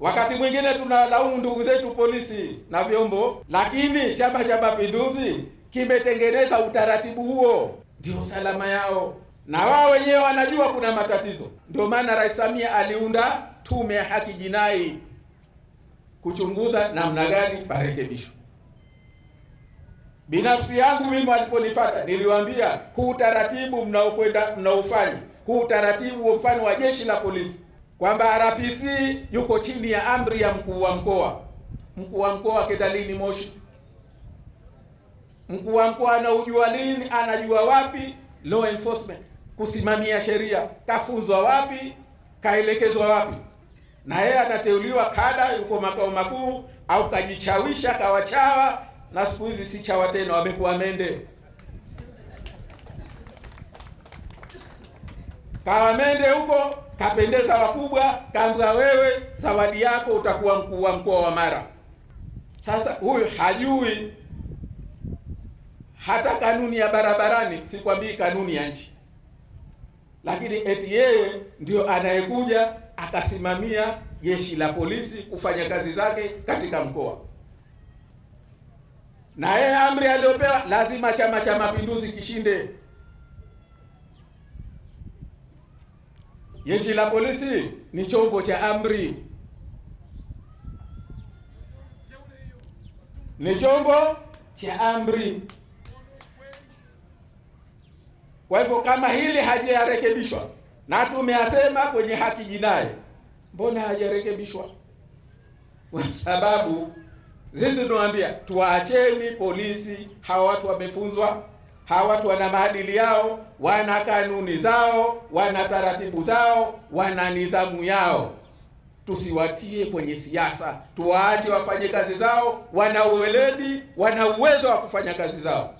Wakati mwingine tunalaumu ndugu zetu polisi na vyombo, lakini Chama cha Mapinduzi kimetengeneza utaratibu huo, ndio salama yao, na wao wenyewe wanajua kuna matatizo. Ndio maana Rais Samia aliunda tume ya haki jinai kuchunguza namna gani parekebisho Binafsi yangu mimi, aliponifuata niliwaambia, huu utaratibu mnaokwenda mnaofanya huu utaratibu wa mfano wa jeshi la polisi kwamba RPC yuko chini ya amri ya mkuu wa mkoa. Mkuu wa mkoa kedalini Moshi? Mkuu wa mkoa anaujua lini? Anajua wapi law enforcement kusimamia sheria? Kafunzwa wapi? Kaelekezwa wapi? Na yeye anateuliwa kada, yuko makao makuu, au kajichawisha, kawachawa na siku hizi si chawa tena, wamekuwa mende. Kawa mende huko kapendeza wakubwa, kambwa wewe zawadi yako utakuwa mkuu wa mkoa wa Mara. Sasa huyu hajui hata kanuni ya barabarani, sikwambii kanuni ya nchi, lakini eti yeye ndio anayekuja akasimamia jeshi la polisi kufanya kazi zake katika mkoa. Na yeye amri aliyopewa lazima Chama cha Mapinduzi kishinde. Jeshi la polisi ni chombo cha amri, ni chombo cha amri. Kwa hivyo kama hili hajarekebishwa, na tumeyasema kwenye haki jinai, mbona hajarekebishwa? Kwa sababu sisi tunawaambia tuwaacheni polisi, hawa watu wamefunzwa Hawa watu wana maadili yao, wana kanuni zao, wana taratibu zao, wana nidhamu yao. Tusiwatie kwenye siasa, tuwaache wafanye kazi zao. Wana uweledi, wana uwezo wa kufanya kazi zao.